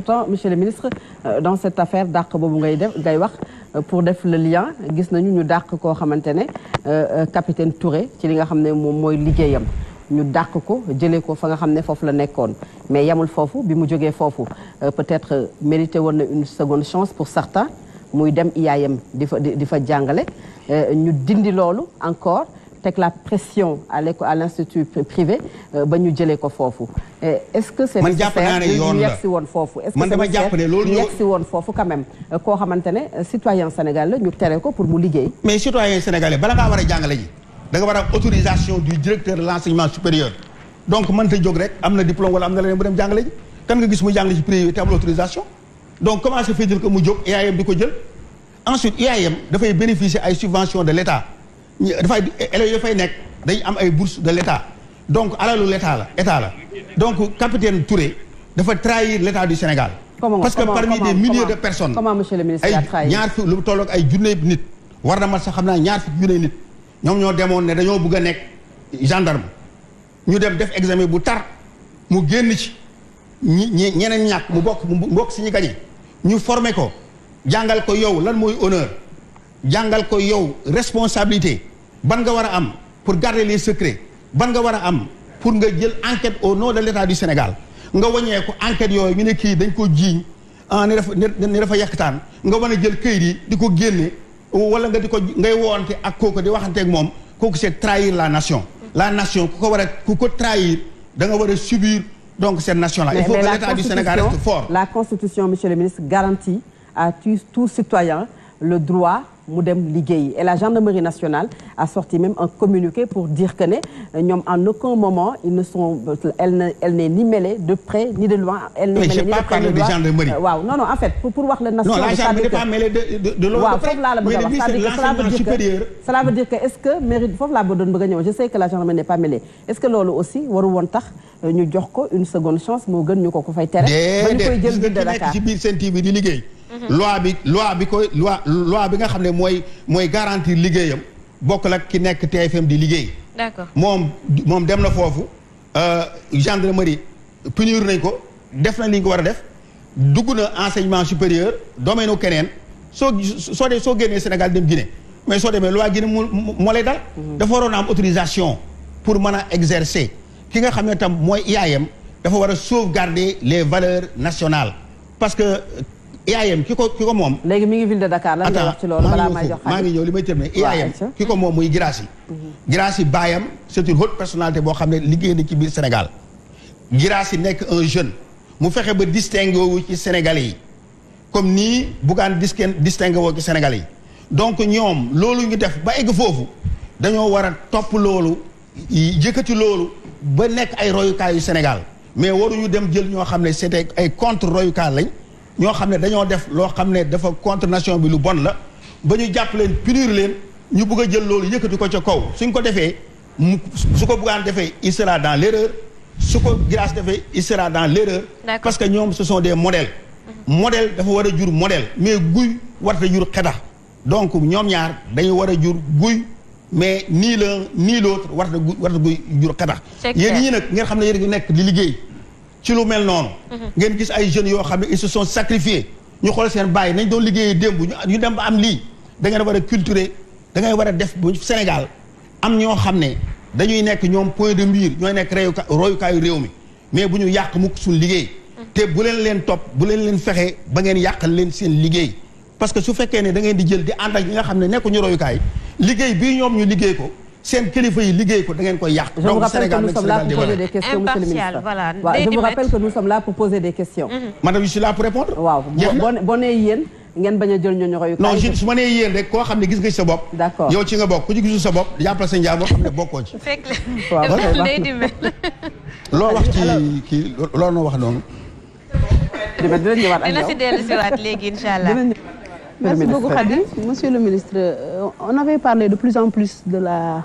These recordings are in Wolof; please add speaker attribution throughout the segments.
Speaker 1: pourtant monsieur le ministre euh, dans cette affaire dàq boobu ngay def wax euh, pour def le lien gis nañu ñu dàq koo euh, capitaine Touré ci li nga xam ne moom mooy liggéeyam ñu dàq ko jëlee ko fa nga xam ne la nekkoon mais yamul foofu bi mu jógee fofu. peut-être mérité woon une seconde chance pour certains muy dem IAM di fa di fa ñu dindi loolu encore teg la pression à l'institut privé euh, ba ñu jëlee ko foofu. est ce que c'est est nécessaire ñu yegg si woon est ce que c' est yegg si woon foofu quand même. Euh, koo xamante euh, citoyen sénégalais la ñu tere ko pour
Speaker 2: mu liggéey. mais citoyen sénégalais bala ngaa war a jàngale da nga war autorisation du directeur de l'enseignement supérieur. donc mënta jóg rek am diplôme wala am na leneen bu dem jàngale ji kan nga gis mu jàngale ci privé te autorisation donc comment se fait dire que mu jóg IAM e di ko jël ensuite IAM e dafay bénéficier ay subventions de l'État dafay élèves yi fay nekk dañ am ay bourse de l' état donc alalu l' la état la donc capitaine Touré dafa trahir l' du Sénégal. Comment, parce que parmi comment, des milliers de personnes.
Speaker 1: ay ñaar
Speaker 2: fi lu tolloog ay junne nit. war na mat sax xam naa ñaar fi junne nit ñoom ñoo demoon ne dañoo bëgg a nekk gendarme ñu dem def examen bu tar mu génn ci ñi ñeneen ñàkk mu bokk mu bokk si ñu gañe ñu formé ko jàngal ko yow lan mooy honneur. jangal ko yow responsabilité ban nga war a am pour garder les secrets ban nga war a am pour nga jël enquête au nom de l'État du Sénégal nga wañee ko enquête yooyu ñu ne kii dañ ko jiiñ ah, ni dafa ni dafa yàqtaan nga war a jël këyit yi di ko génne wala nga di ko ngay woonte ak kooku di waxante ak moom kooku c'est trahir la nation la nation ku ko war a ku ko trahir da nga war a subir donc cette nation là il faut que l'État du Sénégal reste fort
Speaker 1: la constitution monsieur le ministre garantit à tous citoyens le droit et la gendarmerie nationale a sorti même un communiqué pour dire que en aucun moment ils ne sont elle n'est ni mêlée de près ni de loin. elle n'est mêlée de euh, non non en fait pour pour la. Non, la gendarmerie n'est pas mêlée de loin cela veut dire que veut dire que est ce que je sais que la gendarmerie n'est pas mêlée est ce que lolo aussi waru une seconde chance nous
Speaker 2: Mhm. loi bi loi bi koy loi loi bi nga xam ne mooy garantir ki TFM di liggéey. d'accord mom mom dem euh, gendarmerie punir nañ ko def na li ko wara def enseignement supérieur domaine keneen soo so dee Sénégal dem Guinée mais so demee loi Guinée mo lay dal. Mhm. dafa am autorisation pour mën exercer ki nga xam tam moy IAM dafa war sauvegarder les valeurs nationales parce que. IAM ki ko ki ko moom. léegi mi ngi ville de Dakar lan ngay wax ci loolu. balaa may jox maa ngi ñëw li may mhm. baayam c'est une haute personnalité boo xam ne liggéey na ci biir Sénégal. Girassi nekk un mu fexe ba distingué ci Sénégalais yi comme nii Bougane distingué woo ci Sénégalais yi donc ñoom loolu ñu def ba foofu dañoo war a topp loolu loolu ba nekk ay royukaay yu Sénégal mais waruñu dem jël ñoo xam ne c'était ay contre royukaay lañ. ñoo xam ne dañoo def loo xam ne dafa contre nation bi lu bon la ba ñu jàpp leen punir leen ñu bëgg a jël loolu yëkkati ko ca kaw suñ ko defee mu su ko buggaan defee il sera dans l' erreur su ko grâce defee il sera dans l' erreur parce que ñoom ce sont des modèles modèle dafa war a jur modèle mais guy warta jur xetax donc ñoom ñaar dañu war a jur guy mais nii la nii l'autre warta guy warta guy jur xetax yéen ñii nag ngeen xam ne yéen ngi nekk di liggéey ci lu mel non mhm. ngeen gis ay jeunes yo xamné ils se sont sacrifiés ñu xol seen bay nañ doon liggéey démb ñu dem ba am li da ngeen wara a culturer da ngay wara def bu Sénégal am ño xamné dañuy nekk ñom point de mire ñoy nekk royuka royukaayu réew mi mais buñu yak mu mukk suñ liggéey. Mhm. té bu leen leen top bu leen leen fexé ba ngeen yàqal leen seen liggéey. parce que su fekké né da ngeen di jël di and ak ñi nga xam ne nekkuñu royukaay liggéey bi ñom ñu liggéey ko seen kilifa yi liggéey ko da ngeen koy yàq. donc Sénégal nag Sénégal di wala impartial voilà je vous rappelle que nous sommes là pour poser des questions. Mm-hmm. madame je suis là pour répondre. waaw boo boo nee yéen ngeen bañ a jël ñooñu royu. non je su ma nee yéen rek koo xam ne gis nga ci sa bopp. d'accord yow ci nga bokk ku ci gisul sa bopp jàppal sa njaam boo xam ne bokkoo ci.
Speaker 3: waaw
Speaker 2: loo wax ci kii loo noo wax noonu. dina ñëwaat ak yow dina si dellu si waat
Speaker 3: léegi incha allah.
Speaker 2: Merci beaucoup Khady.
Speaker 3: Monsieur le ministre, euh, on avait parlé de plus en plus de la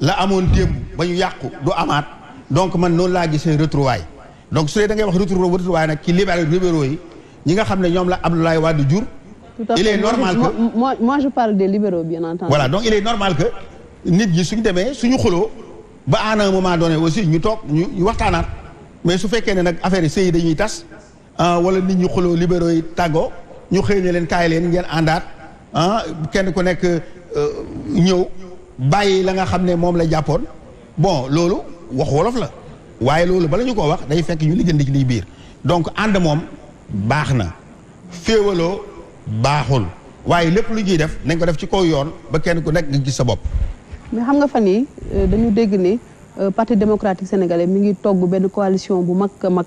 Speaker 2: la amone démb bañu ñu yàqu du amaat donc man noonu laa gisee retrouvaille donc su da ngay wax retrouvaille retrouvailles nag ci libéral, libéraux yi ñi nga xamné ñom la Abdoulaye wad jur.
Speaker 3: il est normal que moi moi je parle des libéraux bien entendu. voilà donc il
Speaker 2: est normal que nit yi suñu démé suñu xuloo ba à un moment donné aussi ñu tok ñu waxtanat mais su fekké né nak affaire yi sëy dañuy Ah, wala nit ñi xuloo libéraux yi tago ñu xëy len tay len leen ngeen àndaat ah kenn ku nekk euh, ñëw. bàyyi la nga xam ne moom la jàppoon bon loolu wax wolof la waaye loolu bala ñu ko wax day fekk ñu liggéey ci lii biir donc ànd moom baax na féewaloo baaxul waaye lépp lu ñuy def nañ ko def ci kaw yoon ba kenn ku nekk nga gis sa bopp.
Speaker 3: mais xam nga fan nii euh, dañu dégg ni euh, parti démocratique sénégalais mi ngi togg benn coalition bu mag a mag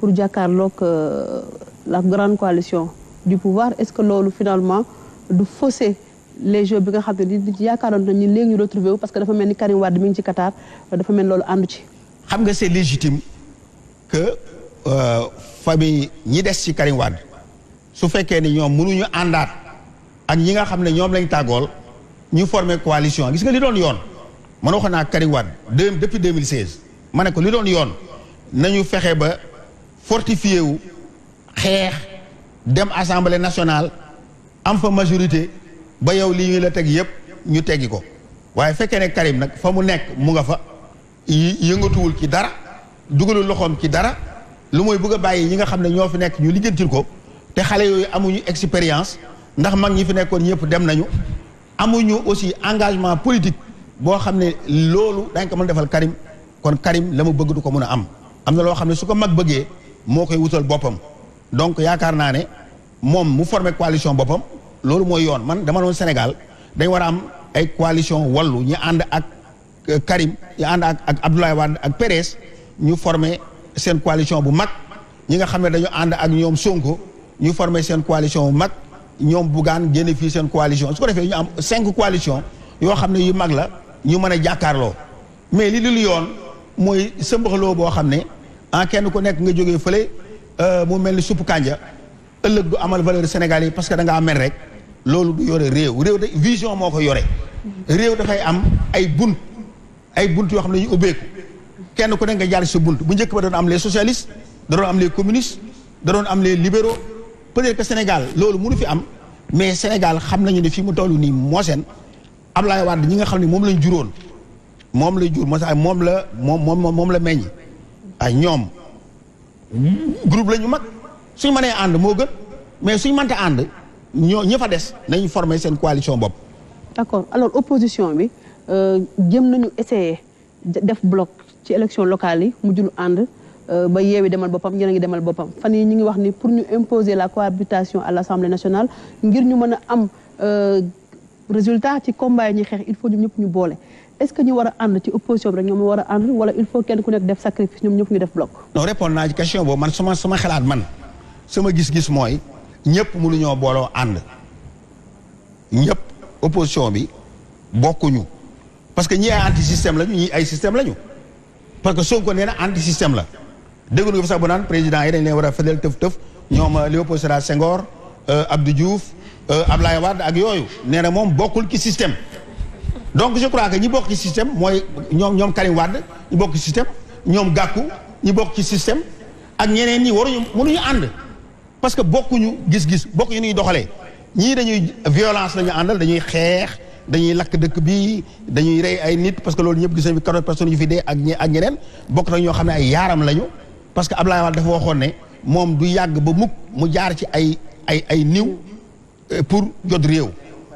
Speaker 3: pour jàkkaarloog euh, la grande coalition du pouvoir est-ce que loolu finalement du faussé. les jeux bi nga xam ne di di yaakaaroon na ñun léegi ñu retrouvé wu parce que dafa mel ni Karim Wade mi ngi ci Qatar dafa mel loolu
Speaker 2: àndu ci. xam nga c'est légitime que euh, famille ñi des ci Karim Wade su fekkee ni ñoom mënuñu àndaat ak ñi nga xam ne ñoom lañ tàggool ñu formé coalition gis nga li doon yoon man waxoon naa Karim Wade depuis 2016 ma ne ko li doon yoon nañu fexe ba fortifié wu xeex dem assemblée nationale am fa majorité. ba yow lii ñu la teg yëpp ñu teggi ko waaye fekkee ne Karim nag fa mu nekk mu nga fa yëngatuwul ci dara dugalul loxoom ci dara lu mooy bëgg a bàyyi ñi nga xam ne ñoo fi nekk ñu lijjantil ko te xale yooyu amuñu expérience ndax mag ñi fi nekkoon ñëpp dem nañu amuñu aussi engagement politique boo xam ne loolu dañ ko mën defal Karim kon Karim la mu bëgg du ko mun a am am na loo xam ne su ko mag bëggee moo koy wutal boppam donc yaakaar naa ne moom mu formé coalition boppam loolu mooy yoon man dama doon Sénégal dañ war a am ay coalition wallu ñu ànd ak euh, Karim ñu ànd ak ak Abdoulaye ak Pérez ñu formé seen coalition bu mag ñi nga xam ne dañu ànd ak ñoom Sonko ñu formé seen coalition bu mag ñoom Bougane génne fii seen coalition su ko defee ñu am cinq coalition yoo xam ne yu mag la ñu mën a jàkkaarloo mais li dul yoon mooy sëmbaxaloo boo xam ne en ah, kenn ku nekk nga jógee fële euh, mu mel ni supp kànja ëllëg du amal valeur Sénégal yi parce que da ngaa mer rek loolu du yore réew réew de vision moo ko yore réew dafay am ay bunt ay bunt yoo xam ne ñu ubbeeku kenn ku ne nga jaar sa bunt bu njëkk ba doon am lee socialistes da doon am les communistes da am lee libéraux peut-être Sénégal loolu mënu fi am mais Sénégal xam nañu ne fii mu toll nii moo seen Ablaye Wade ñi nga xam ne moom lañ juróon moom la jur moo tax moom la moom moom moom la meññ ay ñoom groupe la ñu mag suñ mënee ànd moo gën mais suñu mënta ànd ñoo ña fa des nañu former sen coalition bop
Speaker 3: d'accord alors opposition bi euh jëm nañu essayer def bloc ci élection locale yi mu mujjul ànd euh, ba yeewi demal bopam ñeneen ngi demal bopam fan yi ñi ngi wax ni pour ñu imposer la cohabitation à l'Assemblée nationale ngir ñu mëna am euh résultat ci combat yi ñuy xeex il faut ñu ñëpp ñu bolé est-ce que ñu wara and ci opposition bi rek ñom wara and wala il faut kenn ku nek def sacrifice ñom ñëpp ñu def bloc.
Speaker 2: non répondre naa ci question bo man sama sama xalaat man sama gis-gis moy ñëpp mënuñoo booloo ànd ñëpp opposition bi bokkuñu parce que ñi ay anti système lañu ñi ay système lañu parce que Sonko nee anti système la dégg nga sax bu naan président yi dañ leen war a fëdal tëf tëf ñoom euh, Léopold Sédar Senghor euh, Abdou Diouf euh, Ablaye Wade ak yooyu nee na moom bokkul ci système donc je crois que ñi bokk ci système mooy ñoom ñoom Karim Wade ñi bokk ci système ñoom Gakou ñi bokk ci système ak ñeneen ñi waruñu mënuñu parce que bokkuñu gis-gis bokkuñu ñuy doxalee ñii dañuy violence la ñu àndal dañuy xeex dañuy lakk dëkk bi dañuy rey ay nit parce que loolu ñëpp gis nañu quatorze personnes yu fi dee ak ak ñeneen bokk na ñoo xam ne ay yaaram lañu parce que Abdoulaye Wade dafa waxoon ne moom du yàgg ba mukk mu jaar ci ay ay ay niw euh, pour jot réew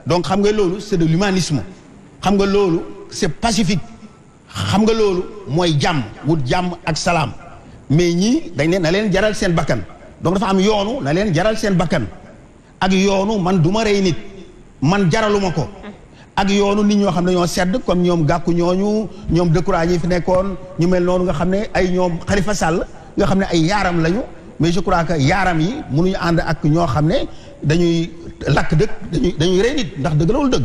Speaker 2: donc xam nga loolu c'est de l'humanisme xam nga loolu c'est pacifique xam nga loolu mooy jàmm wut jàmm ak salaam mais ñii dañ ne na leen jaral seen bakkan donc dafa am yoonu na leen jaral seen bakkan ak yoonu man du ma rey nit man jaraluma ko ak yoonu nit ñoo xam ne ñoo sedd comme ñoom gàkku ñooñu ñoom dëkkuraañ yi fi nekkoon ñu mel noonu nga xam ne ay ñoom Khalifa Sall nga xam ne ay yaaram lañu mais je crois que yaaram yi mënuñu ànd ak ñoo xam ne dañuy lakk dëkk dañuy dañuy ndax dëgg la dëgg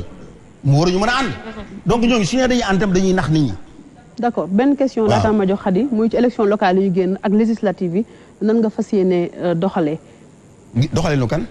Speaker 2: mu waruñu mën a ànd donc ñooñu su ñu dañuy ànd tam nax nit ñi d'accord benn question
Speaker 3: laataa ma jox Khady muy ci élection locale yi génn ak législative yi nan nga fas yéene euh, doxalee.
Speaker 2: doxalee nu kan.